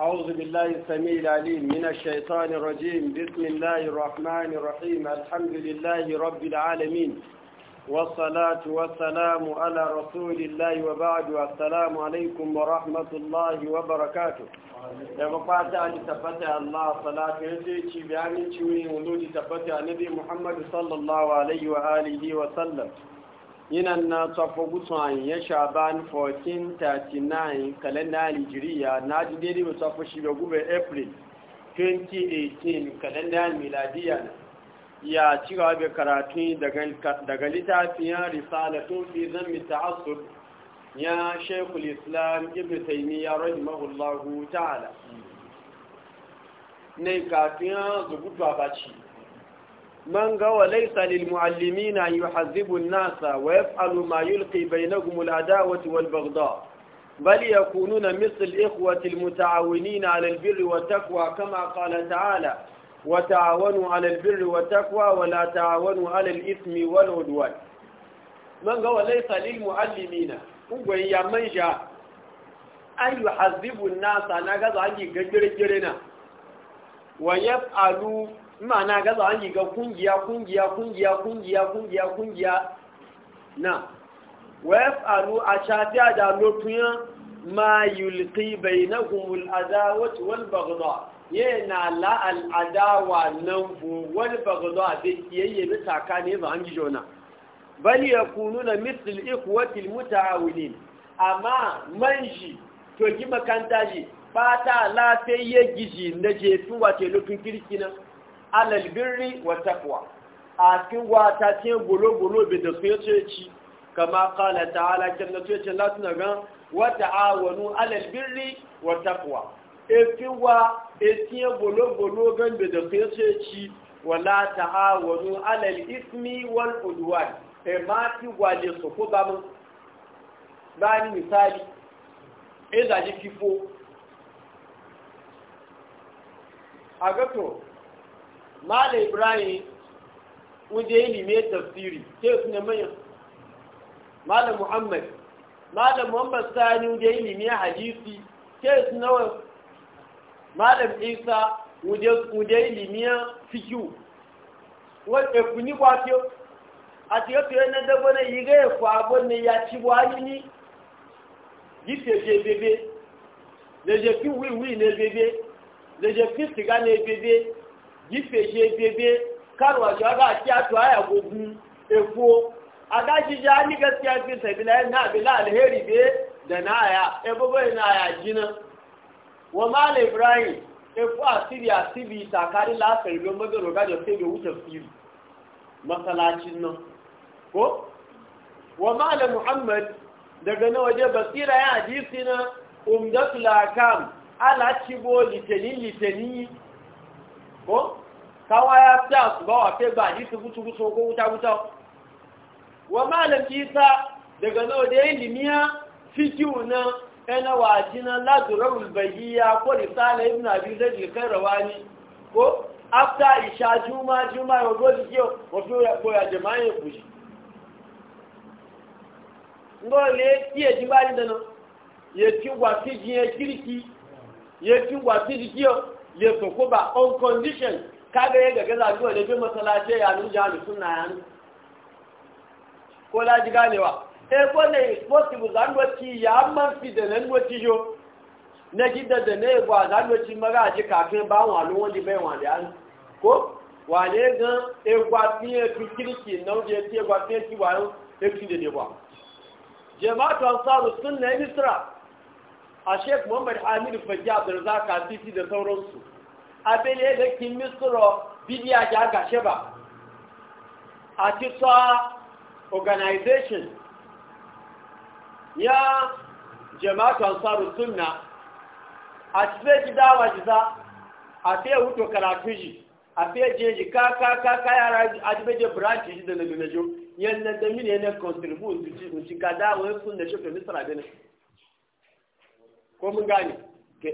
أعوذ بالله السميع العليم من الشيطان الرجيم بسم الله الرحمن الرحيم الحمد لله رب العالمين والصلاة والسلام على رسول الله وبعد والسلام عليكم ورحمة الله وبركاته daga fata ni tabbata Allah salatu ya ce ci bayanin ciwon wuludi tabbata nabi Muhammad sallallahu alaihi wa alihi wa sallam yinan na tsofo gutsuwan ya shaban 1439 kalenda nigeria na ji daidai mai tsofo shiga gube april 2018 kalenda miladiya ya ci gaba karatu daga littafiyan risalatun fi zammi asur ya shekul islam ibn rai mahullahu ta'ala ne kafin zubutu baci من قال ليس للمعلمين أن يحذبوا الناس ويفعلوا ما يلقي بينهم العداوة والبغضاء بل يكونون مثل إخوة المتعاونين على البر والتقوى كما قال تعالى وتعاونوا على البر والتقوى ولا تعاونوا على الإثم والعدوان من قال ليس للمعلمين هو يا من جاء أن يحذبوا الناس أنا قد عندي قجر جرنا ويفعلوا ma'ana gaza an yi ga kungiya kungiya kungiya kungiya kungiya kungiya na wef alu a shafi a da lotuyan ma yulki bai na kumul adawatu wal bagdwa yana la al'adawa na bu wal a bai kiyayye na ne ba an ji jona bali ya kunu na muta a wuni amma manji to ji makanta ji ba ta lafiyayye gizi na jefi wace lotun kirki na alalbirri wa taqwa a cikin wata cikin gologolo golo da su yace ci kama kala ta'ala kin da su yace la tuna ga wa ta'awanu alalbirri wa taqwa e fiwa wa e cikin gologolo gan bai da su yace ci wa la ta'awanu alal ismi wal udwan e ma ti gwale so ko ba mu ba ni misali e da ji kifo a gato mala ibrahim wuje ilimin tafsiri ke su ne mayan. mala muhammad mala muhammad sani wuje ilimin hadisi ke su wa. mala isa wuje ilimin fikiyu wọ́n ẹ̀kù nípa tí a ti yato yana dabo na yi gaya kwa àbọ́ ni ya ti wá ní ní je bebe, da je fi wuri wuri ne bebe, da je fi siga ne bebe, yífèṣe bèbè kárọ̀ọ̀ṣọ́ àti àtò àyàgògùn èfo adájíjá ní gaskiya fi sẹ̀bílẹ̀ náà bí láàlẹ́hẹ́rì bẹ́ dẹ̀nà àyà ẹgbogbo ìnà àyà jiná wọ́n máa lè ibrahim èfo àsìrì àsìrì ìtàkárí láàfẹ̀rẹ̀ nan ko wa daga na waje basira ya hadisi na ko káwá ya fi àṣùbá wà fẹ́ gbà ní tubutubutu ko wuta-wuta wa malam isa daga náà da yin limiya fikiyu na yana wa jina lazurarul bayiya ko risala ibn abi zai jikin rawani ko after isha juma juma ya zo jike wato ya koya jama'a ya kushi ngole kiye jibali dana ye tingwa fiji ye kiriki ye tingwa fiji kiyo ye sokoba on condition kaga ya gaga zaguwa da bin masalace ya nu jami suna ya nu ko laji ganewa e ko ne possible zangoci ya man fi da nan goci yo na gida da ne ba zangoci maga ji kafin ba wa lu wani bai wa da ko wale ga e kwa fi ki kirki na je ti kwa fi ki wa yo e ki de de ba jama'atu ansaru sunna misra a sheikh muhammad hamid fajjab da zakati da sauransu abẹ́lẹ̀ ẹlẹ́kìn mísọ̀rọ̀ bíbí àjà àgàṣẹ́bà àti sọ organization ya jama'atu ansaru sunna àti fẹ́ ti dáwà jìza àti ẹ̀wùtò ka ka àti ẹ̀jẹ̀ yìí kákákáká yára branch yìí dẹ̀nà lónàjò yẹn na dẹ̀mí ni ne contribute e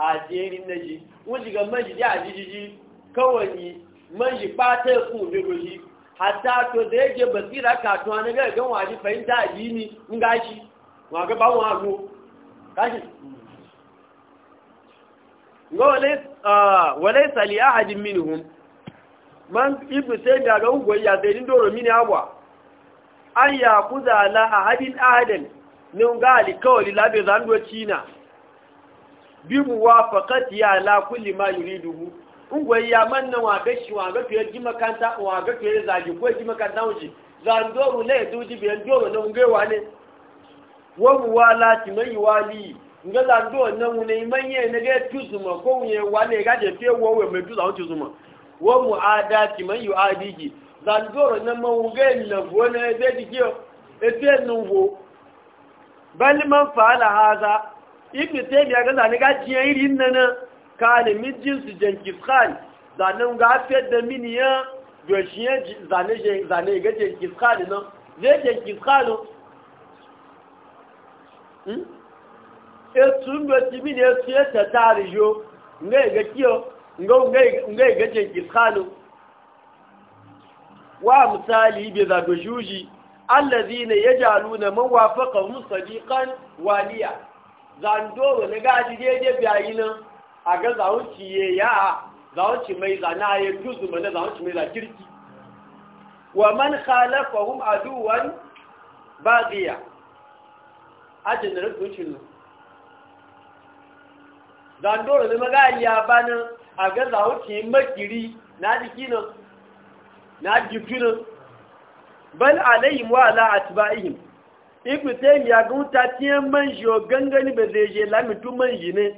a jerin na ji wuji ga manji ji a jijiji kawani manji fatar ku da goji. Hata to da yake basira katuwa na gan waje fahimta a yi ni in gashi ma ga bawon hagu gashi ga wale sali a hajjin mini hun man ibu sai ga ga hukwai ya zai dindoro mini abuwa an ya kuzala a hajjin ahadin nun gali kawali labe zanduwa cina. bi ya la kulli ma yuriduhu ungwai ya manna wa ga shi wa ga fiye ji makanta wa ga fiye zaji ko ji makanta wuce zandoru ne duji biyan doro na ungai wa ne wa muwala ti mai li nga zando na wune manye ne ga tuzuma ko wune wa ne ga je fiye wo we mai tuzuma tuzuma wa ada ti mai yuadiji zandoro na mawungai na gona ya zai dikiyo efe nubo bali man fa'ala haza ta yi ga zane ga jiya iri nan kana min jinsu jenkis khan zanen ga fiyar da miniya doshiyar zane zane ga jenkis khan nan zai jenkis khan hmm? etu mbeti mini etu ya tatari yo nga ga kiyo nga ga jenkis khan wa misali bai zaga juji allazina yajaluna mawafaqahum sadiqan waliya zandoro na gaji daidai biyayi nan a ga zauci ya ya zauci mai zana ya duzu mana zauci mai zakirki wa man khalafahum aduwan baghiya ajin da rukuncin nan zandoro na magayi ya bana a ga zawunci makiri na jiki nan na jiki nan bal alayhim wa ala atba'ihim ibi ta yi yagun ta manji o gangani ba zai je lamitu manji ne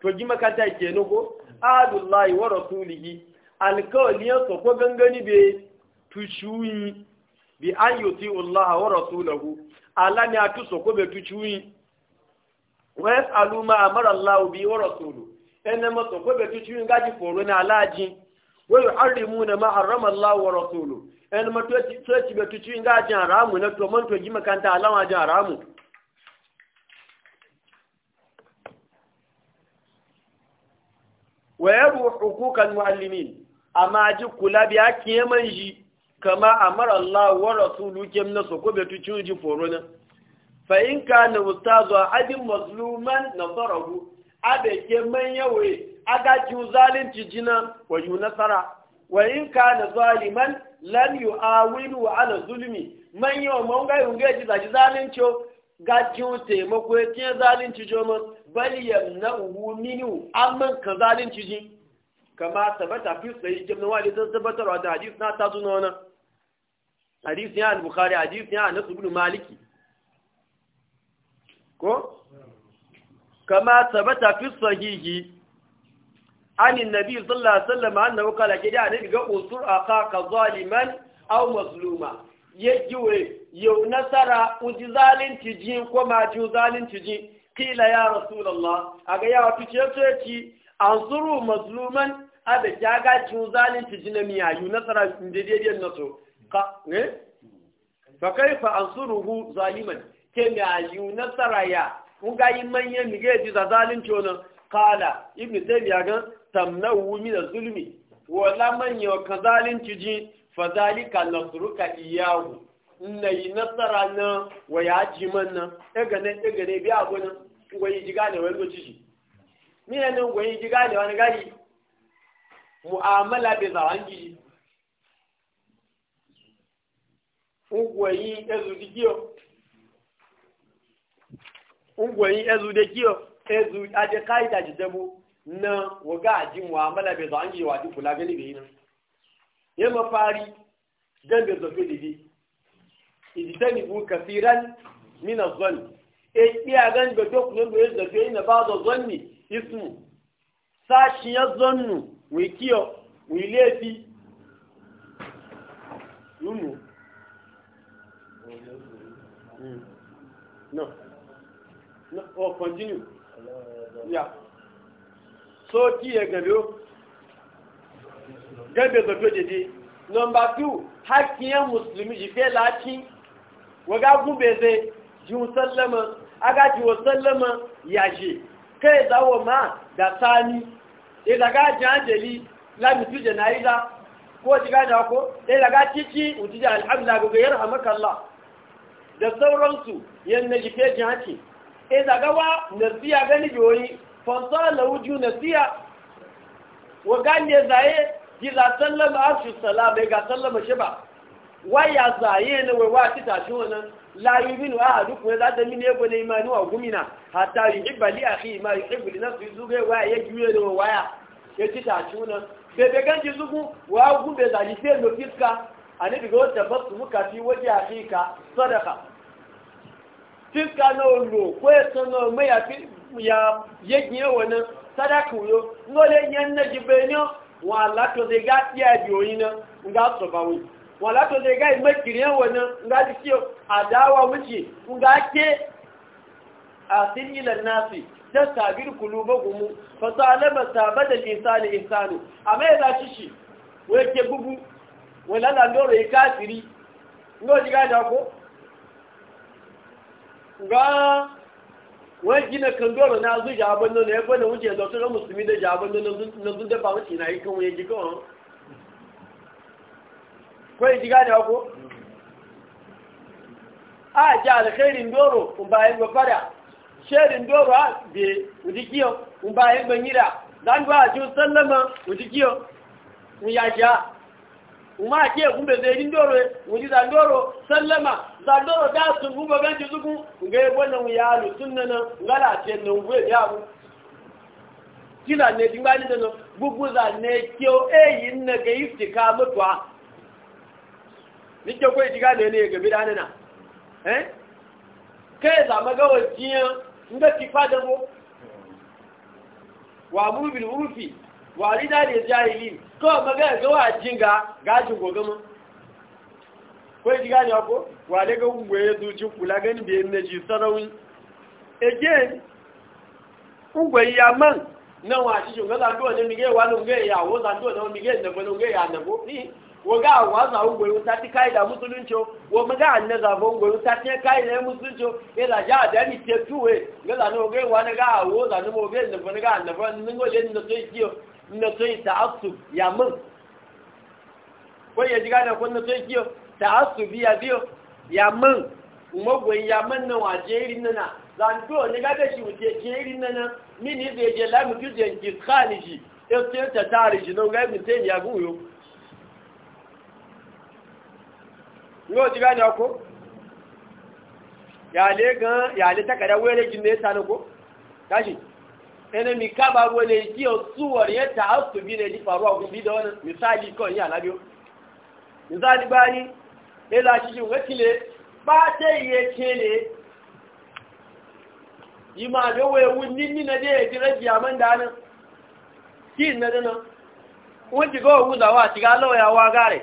to ji makata ke ni ko adullahi wa rasulihi alkawali ya ko gangani be tushuyi bi an yuti Allah wa rasulahu ala ni atu so ko be tushuyi wa yasalu ma amara Allah bi wa rasulu ene ma so ko be tushuyi gaji foro na alaji wa yuharrimuna ma harrama Allah wa rasuluhu ɗan matoci bai tuci inda a jin haramu na tomon e gima kanta alama jin haramu wa yabu hukukan muallimin amma ji kula biya kiyaman ji, kama amara Allah wa rasu kem na soko bai tuci ji foro na fa in kana ustazu ahadin mazluman nasarahu abe ke manyawe a ju zalunci jina wa nasara. wa ka kana zaliman lam yu awilu ala zulmi man yau man ga yunga ji zaji zalunci ga jiwo taimako ya tiye zalunci joma bal yamna uhu minu amman ka zalunci ji kama tabbata fi sai jimna wali ta tabbatar da hadis na ta zuna wannan hadis ya al-bukhari hadis ya anas ibn maliki ko kama tabbata fi sahihi عن النبي صلى الله عليه وسلم أنه قال كده نبقى أسر أخاك ظالما أو مظلوما يو يونسر أجزال تجين وما جزال تجين قيل يا رسول الله أقا يا وفي أنصروا مظلوما أبي جاقا جزال تجين ميا يو يونسر مدديد النصر فكيف أنصره ظالما كما يونسر يا Kun ga yi manyan mige ji za zalunci wani kala wumi min zulmi wala man yau ka zalunci ji fa zalika nasruka iyahu na yi nasara na wa ya ji man nan daga ne bi a biya abu ji gane jiga ne wani goci shi ni ne nan wa ji jiga ne wani gari mu'amala bai zawan ji ungwayi ezu dikiyo ungwayi ezu dikiyo ezu aje kaida na waga aji mu'amala bai zo an yi wajen kula gani bai nan ya mafari don bai zafi didi iditani bu kasiran mina zoni e iya gan ga dokunan da ya zafi na ba da zonni ismu sashi ya zonnu wikiyo wilefi nunu hmm. no no oh continue yeah sóòtì ẹgbẹ̀rẹ̀ ó gẹ́gbẹ̀ gbẹ̀gbẹ̀ dèdè nọmba tù musulmi, jife yìí fẹ́ láàkí wọ́gá gúnbẹ̀ẹ́sẹ̀ jùun sẹ́lẹ̀mọ́ agájìwò sẹ́lẹ̀mọ́ yàjì kẹ́ẹ̀dáwọ̀ máa dàtání ìdàgájà àjẹ̀lí lámìtú jẹ̀ ko ko dai daga cici da alhamdulillah ga yar da sauransu yan jife daga e wa gani fansala wuju nasiya siya ganye zaye yi za sallama afshu salama ga sallama shi ba waya zaye ne wai wa ci tashi wannan la yuminu ahadukum idza damina yabo ne imani wa gumina yi yuhibba li akhi ma yuhibbu li nafsi zuga wa ya juye da waya ya ci tashi wannan bebe ganji zugu wa gumbe da li sai no fiska ani diga wata basu muka fi waje ka sadaka fiska na lo ko ya sanu mai afi ya yegi wani sadaka yo ngole yan na jibenyo wa la to de ga ya bi oyina nga so ba wi wa la to de ga me kire wani nga di ki adawa muci nga ke asin ila nasi da sabir kulubakum fa talaba sabada al-insani insanu amma ya shi shi weke bubu wala la ndoro ikafiri e ngo diga da ko nga wọ́n jí na kandoro na zu jaban nan ya bane wuce da tsoron musulmi da jaban nan na zu da ba wuce na yi kan wuye jikan wani kawai jiga da ko a ji alkhairin doro in bayan ba fara sherin doro a be wuji kiyon in bayan ban yi da zan ba a ji sallama wuji kiyon in ya ja uma ke gumbe zai ndoro wuri da ndoro sallama da ndoro da su gumbe ganci zuku ga yi wannan ya lu sunna nan ngala ce nan gwe ya bu kila ne dinga ni da no gugu za ne kyo e yin na ga iftika mutwa ni ke ko diga ne ne ga bidana na eh kai za maga wajiya nga tifa da mu wa mu bil urufi wari da ne jahili kawai magana ga wajin ga gajin gogama kwai ji gani ako wale ga ungwe ya zuci kula gani biyan na ji sarauni again ungwe ya man nan wa shi shugaba zanduwa ne mige wa nunge ya wo zanduwa ne mige na ba nunge ya nabo ni waga awa zawon gwayo ta ti kai da musulunci wa maga an na zawon gwayo ta ti kai da musulunci ya da ja da ni te tuwe ga da no ga wa na ga awo mo, no ga da ne ga na ba ni go le ni sai kiyo ni sai asu ya mun ko ya ji gane kun ni sai kiyo ta'assub ya biyo ya mun kuma gwayin ya mun nan wa jerin nana zanto ni ga da shi wuce jerin nana mini zai je la mu tuzen ki khaliji ya sai ta tare shi no ga mi sai ya guyo yóò ti gane ko yale gan yale were wele jinne sanu ko tashi ene mi kaba wele ki o suwar ya e ta asu bi ne di faruwa ku bi e da wannan misali kon ya labiyo misali bani ela shi ji wakile ba ta iye kele yi ma da wewu nini na da ya ji rabi a na da nan ki na da nan wọ́n ti gọ́ òwúzà wá ya wá gáre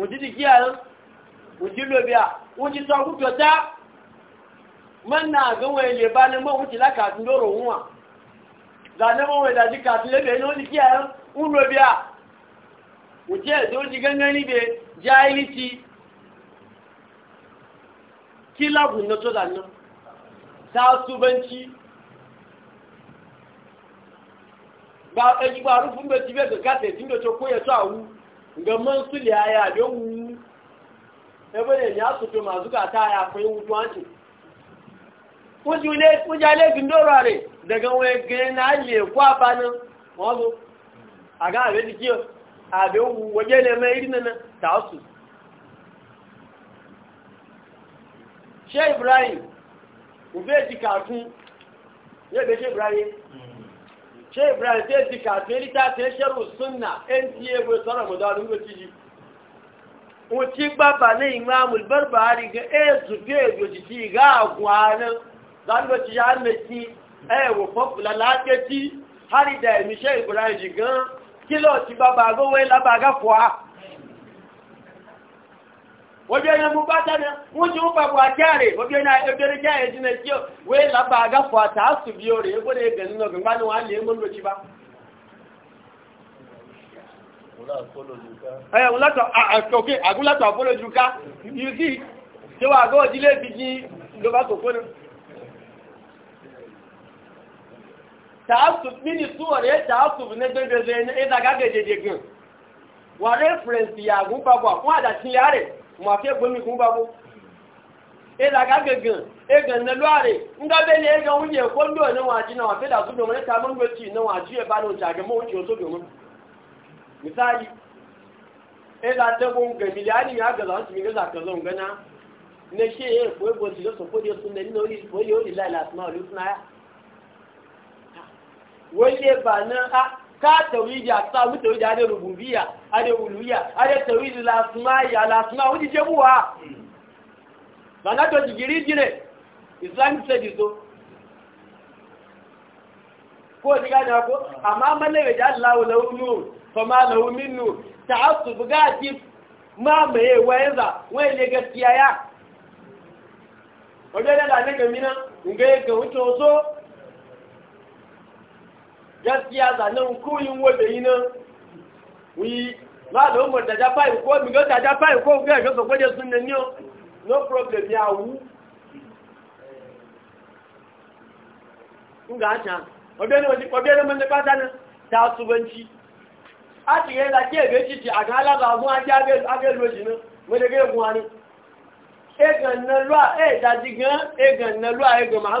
òjìdí kí àrùn òjì lóbi à òjì sọ gúgbọ̀ tá mọ́nà àgbẹ̀wọ̀n èlè bá ní mọ́ òjì lákàtún lóró wọn à zanẹ́mọ̀wọ̀n ìdájí kàtún lébẹ̀ ní kí àrùn ń gẹ́gẹ́ ti kí ní tó dáná arúgbó ń bẹ ti bẹ́ẹ̀ ga man su da yaya don ebe ne ya su masu ka ya fai wutu hancin kujale re daga wani gani na le kwa wazo a ga abe jiki abe wu waje ne irin na ta su ibrahim ube yadda ṣe ibrahim tẹ́ ti kàfẹ́ níta tẹ́ ṣẹ́rù súnnà nta bó sọ́rọ̀ mọ̀dá ló ń ti wọ́n e ti gbábà ní ìmáàmù barbari ga ẹ̀ẹ́sù bí èdò jìtì ìgá àgùn àárín lọ́nà ti yá mẹ́tí ẹ̀wọ̀ fọ́pùlà látẹ́tí hárìdà ẹ̀míṣẹ́ ibrahim gan kí lọ́ọ̀ ti bàbá agówó lábàgá fọ́ wajen mubata na wuce uba kwa kyare wajen na ebere kyare jina kiyo wai laba ga kwata su biyo da ya gwada ganin na ganganin wani ya mun doci ba ẹ̀ ọ̀látọ̀ àkọ́kẹ́ àgúnlátọ̀ àpọ́lọ́júká yìí sí tí wà gọ́ ìdílé bí jí ló bá kòkó ní tààtù nínú súwọ̀ rẹ̀ tààtù ní gbẹ́gbẹ́gbẹ́ ní ìdàgágẹ́gẹ́gẹ́ gan wà rẹ́fẹ̀rẹ̀nsì àgúnpapọ̀ fún àdàtílẹ̀ rẹ̀ mọ̀ fẹ́ gbomi kún bá bó ìlàgá gẹ̀gẹ̀ ẹgẹ̀ nẹlúàrẹ̀ ńgábẹ́lẹ̀ ẹgẹ̀ oúnjẹ kó ń lò ní wọn àti náà fẹ́lá tó dòmọ́ níta mọ́ ń gbẹ̀tì náà wọn àti ẹ̀bá ló jàgẹ̀ mọ́ oúnjẹ tó dòmọ́ misali ìlà tẹ́gbọ́ ń gẹ̀mìlẹ̀ á nìyà gẹ̀lá ń tìmí e kẹlọ́ ń gẹ́ná ní ṣe é èkó ègbò tí ló sọ pé ó tún lẹ́nu orí ìfòyè ó lè láì láti máa olú fún náà wọ́n lè bà náà ka tawhidi asa mu tawhidi ade dị ade uluhiyya ade tawhidi la asma ya la asma wudi jebuwa bana to jigiri jire islam se dizo ko diga na ko amma mallai da Allah lahu nur fama lahu min nur ta'assub ga ji ma mai wayenza wai ne gaskiya ya wajen da ne ga mina ngai ga wuto so gaskiya zanen kuyin wanda yi nan wuyi ma da umar da jafa yi ko mi gata jafa ko gaya gasa kwaje sun nan yau no problem ya wu nan ta subanci a ti ga ke ga a kala ba mu nan ne e na da e e na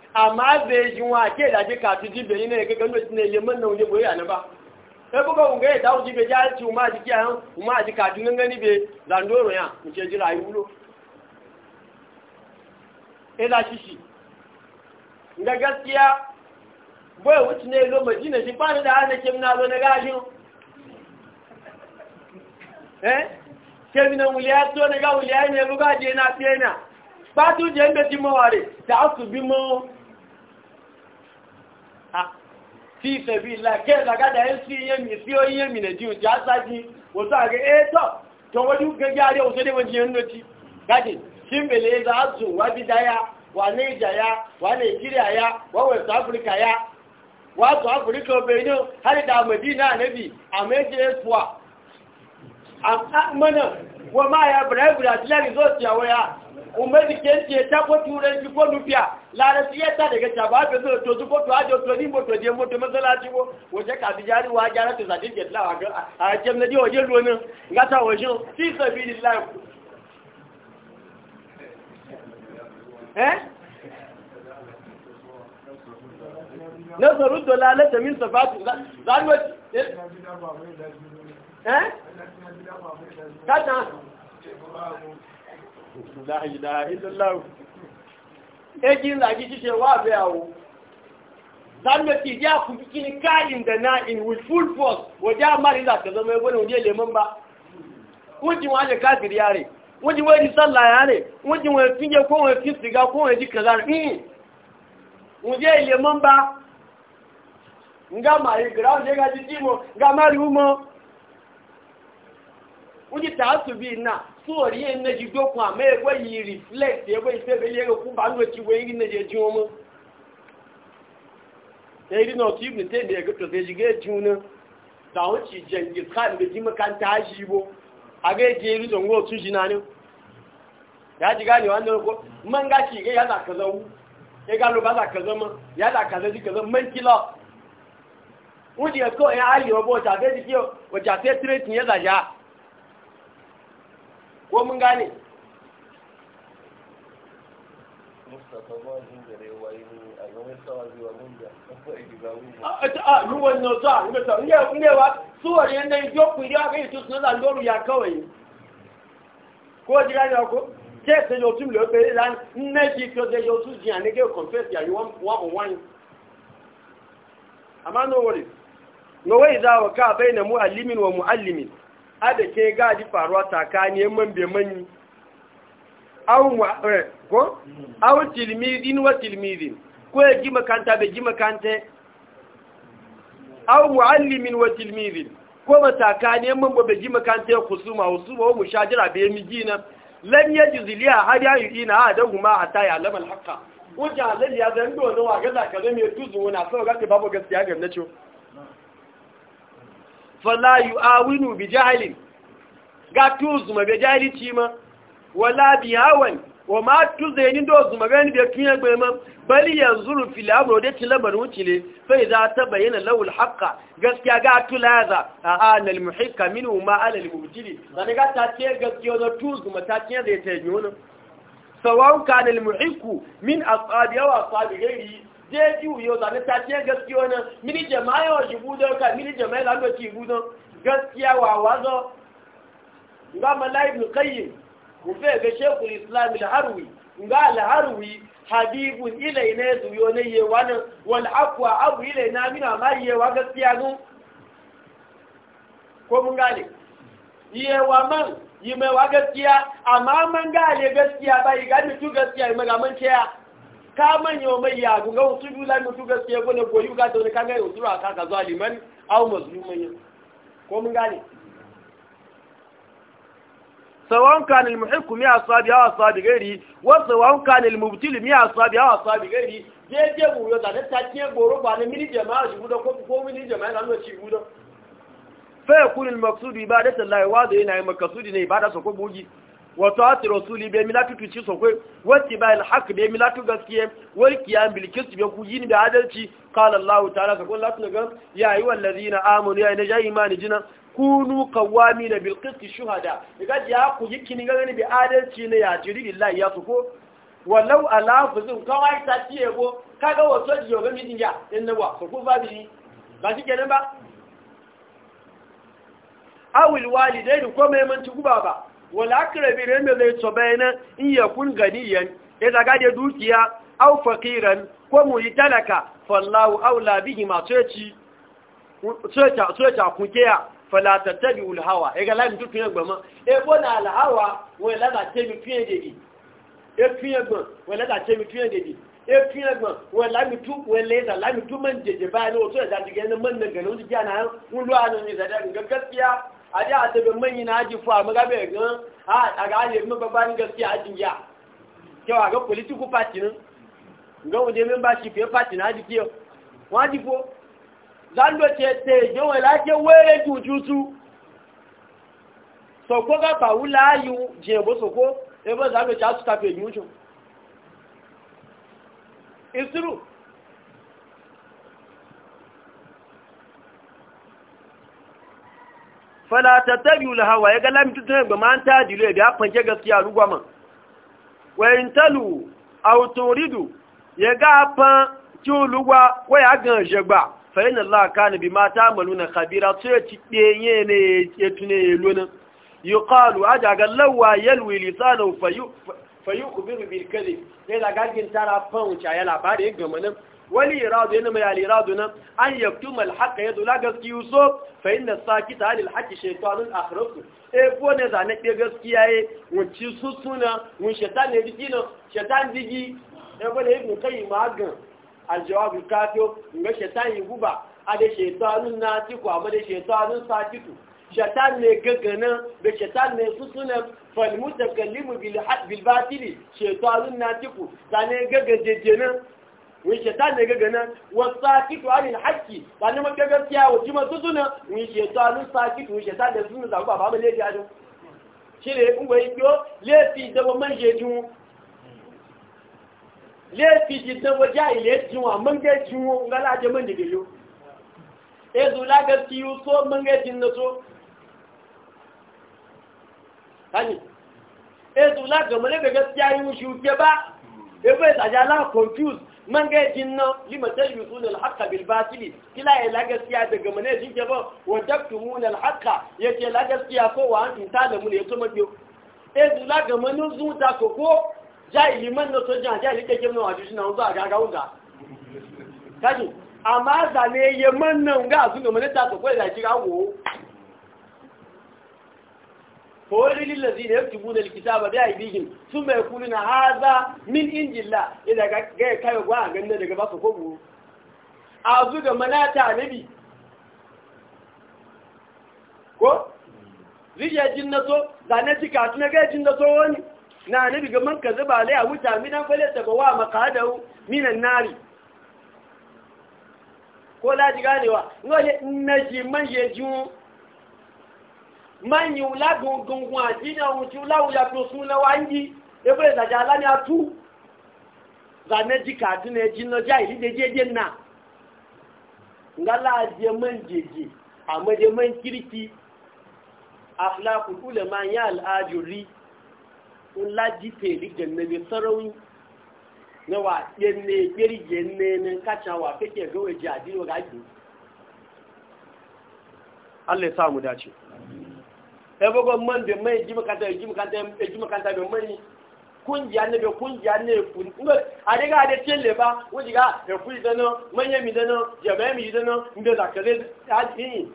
amma bai yi wa ke da ke kafi jibe yi ne ga gano ne yi manna wuje boye a na ba sai buga wunga ya dawo jibe ya ci umar ji kiyayen umar ji kafi nan ya mace ji majina shi ba da ana kem na eh kemi na wuliya to na ga wuliya ne buga je na fiye tu je mo fi sabila ke daga da yansu yin mi siyo yin mi na jiyo ya saji wasu a ga eh to to wani ga gyare wasu dai wani yan noti gaji kin bele za su wa bidaya wa Niger ya wa Nigeria ya wa West Africa ya wa South Africa Benin har da Madina Nabi a meje fuwa a mana wa ma ya Brazil Brazil resort ya waya umedi kenti eta ko turenji ko lupia la da tiyata daga jaba be so to zuko to ajo to ni moto je moto masalaci ko waje ka bijari wa jara to zadin je la ga a jem na di waje ruwanin ngata waje fi sabilillah eh nazaru dalalata min safati zanwa eh kada láàyìnlá ìlọ́láwò ẹjí ìlàjí ṣíṣe wà bẹ́ àwọ̀ zanbeti ìjẹ́ àkùnkí kí ní ká in in with full force wọ́n jẹ́ àmàrí ìlàtẹ̀lọ́ mọ́ ẹgbẹ́ òní èlé mọ́mbá wọ́n jí wọ́n á káàkiri ya rẹ̀ wọ́n jí wọ́n jí sọ́là ya rẹ̀ wọ́n jí wọ́n fi jẹ́ kó wọ́n fi sìgá kó wọ́n jí kàzá rẹ̀ wọ́n sóòrí yẹn nẹ́jì dókun àmọ́ ẹgbẹ́ yìí reflect ẹgbẹ́ ìfẹ́fẹ́ yẹn òkú bá ń lọ tiwọ́ yìí nẹ́jì tí wọ́n mú. ẹ̀rí náà tí ibùdó tẹ̀lé ẹ̀gbẹ́ tó fẹ́ẹ́ jìgẹ́ tí wọ́n náà dàwọn ti jẹ̀ǹgì káàdì méjì mẹ́kántà á yí wo agéjì ẹ̀rí tó ń wọ́ tún jìnnà ni. ji náà kó mọ́ngá kì í yàtà kẹsẹ̀ wú ẹ̀gá ló ko mun gane a ruwan na za a mata nnewa suwar yanayi joku ya ga ito suna lori ya kawai ko jira ya ko jẹ́ ìṣẹ́jọ tún lè pẹ̀lú ìlànà nẹ́jì tí ó jẹ́ yóò tún jìyàn nígbẹ́ confess yà yíwọ́n wọ́n wọ́n àmá no worries no way ìzáwọ̀ káà bẹ́ ìnàmú alimin wa mu alimin ada ke gadi faruwa tsakaniyar man bai manyi awon eh, mm. tilmidin wa tilmidin ko ya ji makanta bai ji makanta awon mu'allimin wa tilmidin ko ba tsakaniyar man bai ji makanta ya ma wasu ba wa mu shajira bai miji na lan ya ji ziliya har ya yi ina a don kuma a ta yi alamar haka wajen halayya zan dole wa gaza ka zai mai tuzu na a sau gaske babu gaskiya gamnacho فلا يعاون بجهل غاتوزما بجهل تيما ولا بهوان وما تزين دوزما بين بكين بما بل ينظر في الامر ودت لمن وتلي فاذا تبين له الحق غسكيا غاتو لاذا ها ان المحق منه ما على المبتدي انا غاتا تي غسكيا دوزما تاتيا ديتيون سواء كان المحق من اصحاب او اصحاب غيره jeji wuyo zane ta ce gaskiya wani mini jama'a yawa shi budo ka mini jama'a lamar ci budo gaskiya wa wazo ga mala ibn qayyim ku fe ga shekul islam da harwi ga al-harwi habibun ilaina zuyo ne ye wani wal aqwa abu ilaina mina ma ye wa gaskiya gun ko mun gane ye wa man yi mai wa gaskiya amma man gane gaskiya bai ga mutu gaskiya mai ga man ciya ka manyo mai ya gunga wasu biyu lai mutu gaske yago ne goyi ga daune kan gari wasu a kaka zuwa liman au mazlumin yau ko mun gane sawon ka nil muhikku miya sabi hawa sabi gari wasu wa ka nil mubutili miya sabi hawa sabi gari jeje buru da ta tiye goro ba ne mini jama'a shi budo ko ko mini jama'a na shi budo fa yakun al maqsud ibadatu allahi wa da yana yi makasudi ne ibada so ko buji wato ati rasuli bai milatu tuci sokwe wati bai alhaq bai milatu gaskiye wal qiyam bil qist bai ku yini be adalci qala allah ta'ala ka kullu ga ya ayyuhal ladina amanu ya ina jayi imani jina kunu qawamin bil qist shuhada daga ya ku yiki ni ni bi adalci ne ya jiri billahi ya Ko wallau ala fuzun kawai ta ciye go kaga wato jiyo ga midin ya inna ko ku ba bi ba shi kenan ba awil walidaini ko mai manci ku ba wala akrabi ne me zai tsobe na in ya kun ganiyan ya zaga da dukiya aw faqiran ko mu yi talaka fallahu aula bihi ma tsoci tsoca tsoca fa fala tattabi ul hawa e ga lan tutun gbama e na al hawa wala da temi fiye di e fiye gbon wala da temi fiye dedi efi ẹgbọn wọn lamitu wọn lẹyìn lamitu mọ njẹjẹ báyìí ní o tó ẹja jìgẹ ẹni mọ nígbà ní o ti jẹ àná un lo anu ni da da gaskiya. aje a daga manyan haji fa mu gabe gan a daga aje mu babban gaskiya hajin ya Kyau a ga political pati nan ga wuje membership ya pati na haji kiyo waji ko zando ce te je wala ke were jujutu so ko ga ba wula yu je bo so ko e ba zando cha su ta pe yuju it's true fala ta tabi'u lahawa ya ga lamitu tun ga man ta dilo ya fanke gaskiya man wa in talu aw turidu ya ga fa ki lugwa wa ya gan jegba fa inna allaha kana bima ta'maluna khabira to ya ci deye ne ya tune ya lona yuqalu aja ga lawa yalwi lisanu fayu fayu khubiru bil kadhib sai da gagin tara fa wuce ya labari ga manan ولي إراده إنما يالي إرادنا أن يكتم الحق يدو لغز كيوسوب فإن الساكت على الحق شيطان أخرق إفو إيه، نزانك إيه، لغز كيائي ونشيسوسونا ونشيطان نبتينا شيطان ديجي إفو نهيب نكي ماغن الجواب الكافيو نغا شيطان يبوبا أدي شيطان ناتيكو أمدي شيطان ساكتو شيطان نغغنا بشيطان نسوسونا فالمتكلم بالحق بالباطل شيطان ناتيكو تاني غغن جيجينا wani shaitan ne gagana wasu sakitu anin haƙƙi ba na mafi gaskiya wa jima su suna wani shaitanun sakitu wani shaitan da suna zaɓa ba ba laifi ajin shi ne in gwai kyo laifi da ba man jejin laifi ji da ba ja ile jin wa man ga jin wa ga laje man da gelo e zula gaskiyu so man ga jin na so hani e zula ga mare ga gaskiya yi wuce ba e bai tsaja la confuse man ga jinna lima tajbisuna al-haqqa bil batil kila ya lagaskiya daga mane jin ke ba wa taktumuna al yake la ko wa an talamu ne to mabiyo e eh, du ga manu zuta ko ko jahili man no to jan jahili ke kemno wa jishna unza ga ga wuga kaji amma zane ya man nan ga su ga mane ta ko ko da ji wo فولي للذين يكتبون الكتاب بأيديهم ثم يقولون هذا من عند الله إذا جاء كاي غوا غنن daga ba su kogo azu ga manata annabi ko riya jinnato zane tika tuna ga jinnato wani na annabi ga man kazaba lai a wuta minan fale ta ba wa maqadahu minan nari ko la ji ganewa ngole naji man yejun manyi wula gungungun àti ní ohun tí wula wuya tó sún lọ́wọ́ atu, yí ebe ìtajà aláni atú zanẹ́jì kàdínà ẹjì lọ́jà ìlídé jẹ́jẹ́ náà ngálà àjẹ mọ́ jèjì àmọ́jẹ mọ́ kíríkì aflákùkù lè máa yá àjò rí ńlá jí tèlé gẹ̀nẹ́lẹ́ sọ́rọ́wí níwà yẹnẹ gbérí yẹnẹ ní kàchà wà kékeré gẹ́wẹ́ jẹ́ àdínwó gájú Allah ya samu dace. ebogo man be mai ji makanta ji makanta ji makanta be mai kungiya ne be kungiya ne fun ngo ade ga ade tele ba wuji ga be fui dano manye mi dano jama'a mi dano ndo da kale adi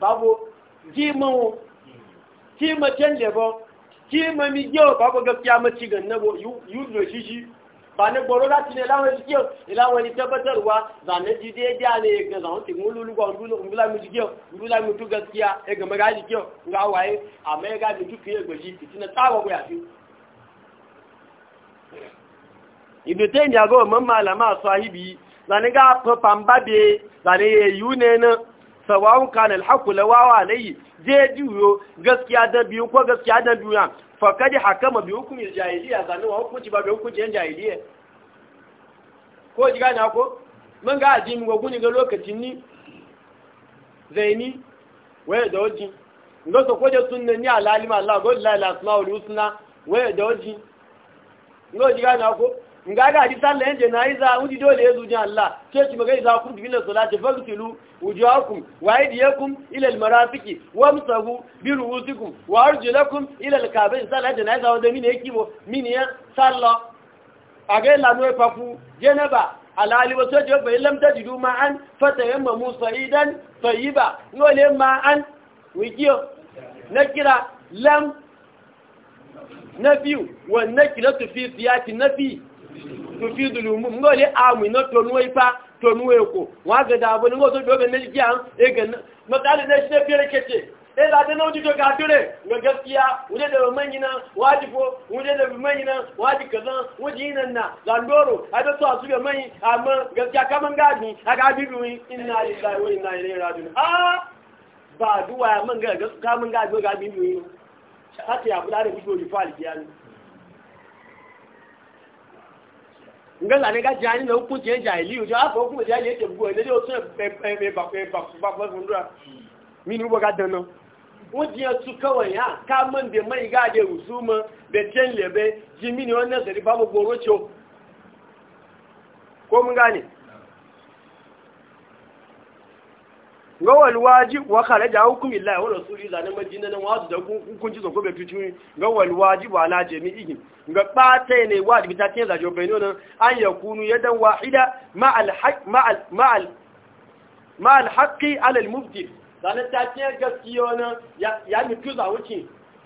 babo jima o ji ma tele ba ji ma mi yo babo ga kiyama ci ganna bo yu yu shi shi ba na gboro láti ní ìlànà ìjíkẹ́ ìlànà ìní tabbatar wa za na ji dai da ne ga zan ti mulu lu gwa ngula mu jike ngula mu tu gaskiya e ga maga jike ga waye amma ya ga mu tu kiye gwaji tuna tsawa go ya fi ibi te ni ago man malama sahibi zani ga fa pambabe zani yu ne na sawawun kana alhaqu lawawa alayhi je juyo gaskiya da biyu ko gaskiya da biyu fakad hakama bi hukumin jahiliya zanen wa hukunci ba bi hukunci yan jahiliya ko ji gane ko mun ga addini wa guni ga lokacin ni zaini waya da waji so koje sunna ni alalima Allah la husna waya da waji ji gane ko nga ga di sallah yan janaiza udi dole ya zuji Allah ke ci magai za ku dibila salati fagtilu wujuhakum wa aydiyakum ila almarafiqi wamsahu bi ru'usikum wa arjulakum ila alka'bayn sallah janaiza wanda mini yake bo mini ya la no papu jenaba ali wato je bai lam tajidu ma an fatayamma musaidan tayyiba dole ma an wikiyo nakira lam na wa nakira fi siyati na tufidul umum ngo le amu no to ipa to eko wa ga da bo ngo to ne e ma ne shi ne fere kete e la de no ga dure ga gaskiya wuje da manyina wajifo wuje da manyina waji kaza wuje na landoro a da to a suga mai amma gaskiya kaman gaji a ga bibi inna lillahi wa inna ilaihi rajiun a ba duwa man ga kaman gaji ga bibi ta ta ya kula da bibi fali kiyani ngala ne ga jani na ku je jahili e o ja fo ku ja e, le te bu ele o tun pe pe ba pe ba ba ba fundura mi ni bo ga dan no o di e tu ka ya ka man de mai ga de usuma de chen lebe jimi ni on na se ba bo goro cho ko mun gane gawal wajib wa kharaja hukum illahi wa rasuli zanen majina nan wazu da hukunci zo gobe tuci gawal wajib ala jami'i ga bata ne wajibi ta ce zajo bai nuna an yakunu yadan wahida ma al haq ma al ma al ma al haqqi ala al mubtil zanin ta ce gaskiya nan ya ya mutu wuce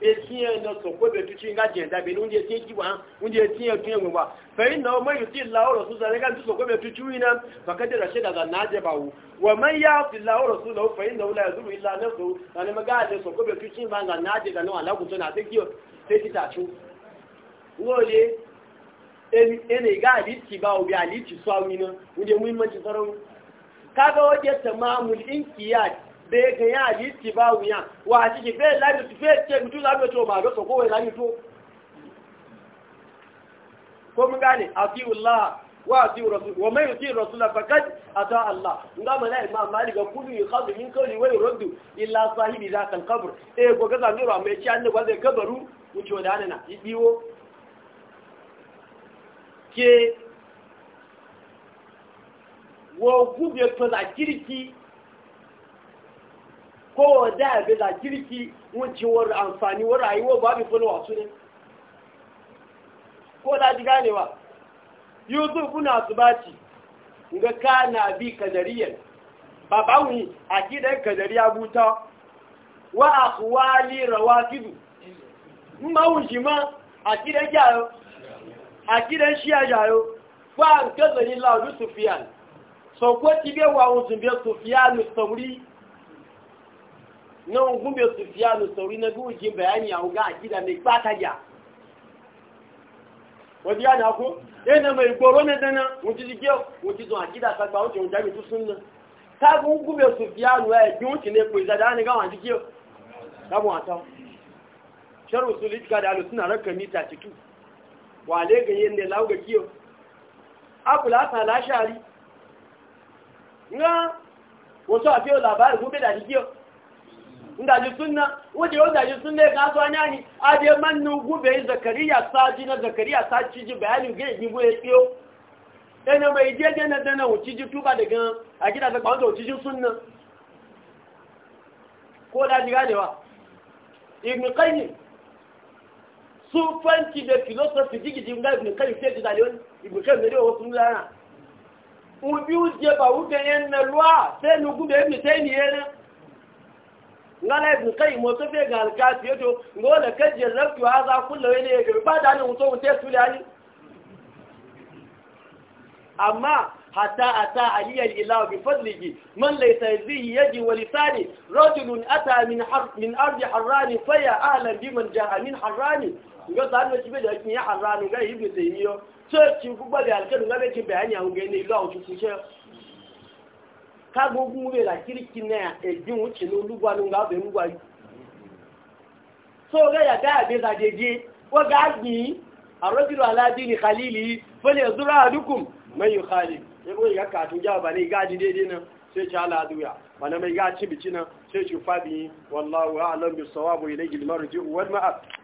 esi ẹ̀nà sọ̀kọ́ bẹ̀ tuntun ká jẹ̀ ẹ̀dá bẹ̀rẹ̀ oúnjẹ tí ń kíwà oúnjẹ tí ń tún ẹ̀wọ̀n wa fẹ̀yìn náà mọ̀ yìí tí ìlà ọ̀rọ̀ sọ́sọ́ ẹ̀ká tí sọ̀kọ́ bẹ̀ tuntun yìí náà fàkẹ́tẹ̀ rẹ̀ ṣẹ̀dàdà náà jẹba wò wọ́n mọ̀ yá la ọ̀rọ̀ sọ́sọ́ lọ́wọ́ fẹ̀yìn náà láyé lórí ìlà náà sọ̀rọ̀ tani mọ̀ gáàjẹ sọ̀kọ́ bẹ̀ tuntun bá ń gà náà jẹ gànà alákùnso náà tẹ́kí tẹ́kí tàṣú. wọ́ọ̀lẹ́ ẹnì gáàjì ti bá òbí àlì ti sọ àwọn iná oúnjẹ mú ìmọ̀ ti sọ́rọ̀ kaga wajen tamamul inkiyat bẹ́ẹ̀ gẹ̀yà yìí ti bá wùyàn wà àti ìfẹ́ láti ti fẹ́ tẹ́mi tó lábẹ́ tó máa lọ́sọ̀ kówẹ̀ láyé tó kó mú gáàlì àti ìwòlá wà àti ìrọ̀sùn tí ìrọ̀sùlá fàkàtì àtà àlá ńgá mọ̀lá ìmá àmàlìgà kúlù ìkọ́dù ní kọ́lù ìwé ìrọ́dù ilá sáhìbì ìdá kalkabur ee gọgọ́ta ní ọ̀rọ̀ àmẹ́kí án nígbà zai gabaru da wa dánana ìbíwó ke wọ́n gúbẹ̀ tọ́lá kirki ko da ya gaza kirki wuncewar amfani wa rayuwa babu fulwa wasu ne ko da ji ganewa yusuf kuna su baci ga na bi kadariyar babawun a gidan kadariya buta wa a kuwali rawa kidu mawun shi ma a gidan jayo a gidan shiya jayo ba an kazari lauru sufiyan saukwati bewa wuzun be sufiyanu sauri na gumbe sufiyanu sauri na gujin bayani a huga a gida mai kpataya wọ́n yá náà kó ẹ̀nà mọ̀ ìgbòrò mẹ́dánná wọ́n ti jẹ́ wọ́n ti zùn àkídà àtàgbà oúnjẹ oúnjẹ àmì tó súnmọ́ káàkùn gúbẹ̀ sùfíànù ẹ̀ bí wọ́n ti lè pè ìzàdá ní káwọn àti jẹ́ káàkùn àtàwọn ṣẹ́rù sólì ti kádà lùsùn àrẹ́kẹ̀ ní tàtìtù wà lẹ́gẹ̀ẹ́ ní láwùgẹ̀ kí o ápùlà sàn láṣàrí ńlá wọ́n tó àfihàn làbárí gúbẹ̀ dàdí ndaji sunna wuje yau ndaji sunna ya kaso anya ni ade mannu gube zakariya saji na zakariya saji ji bayanin ga yi ya yiyo ene mai je e, na dana wuci ji tuba daga a gida da kwanto wuci ji sunna ko da ji gadewa ibn qayyim sufanci da philosophy digi nga ibn qayyim sai ji dalilin ibn qayyim ne da wasu lana ubi uje ba wuce yan na lwa sai nugu da ibn taymiyyah ngala ibn qayyim wato fe ga alkasi yato ngole kajjar wa haza kullu wani ya gabe ba da ni wato mutai su da ni amma hatta ata aliyal ilah bi fadlihi man laysa yadhi yadi wa lisani rajulun ata min harf min ardi harrani fa ya bi man jaa min harrani ngo zan ne be da kin ya harrani ga ibn taymiyo so ci ku da alkan ngabe ki bayani an ga ne ilahu ci ci kagbo ogun nwere la kiriki na ya eji nwuchi n'olu gwanụ nga abụ ngwa gị so oge ya ga abịa za jeji o ga agbi arọjiri ala dị ni khalili fọlị ezuru adukum mai yi khalil ebe o ga ka atụ ja ọbara ị ga adị dị na sai ci ala adu ya mana mai ga chibici na sai ci fabi wallahu alam bi sawabu ilayhi al marji wal ma'a.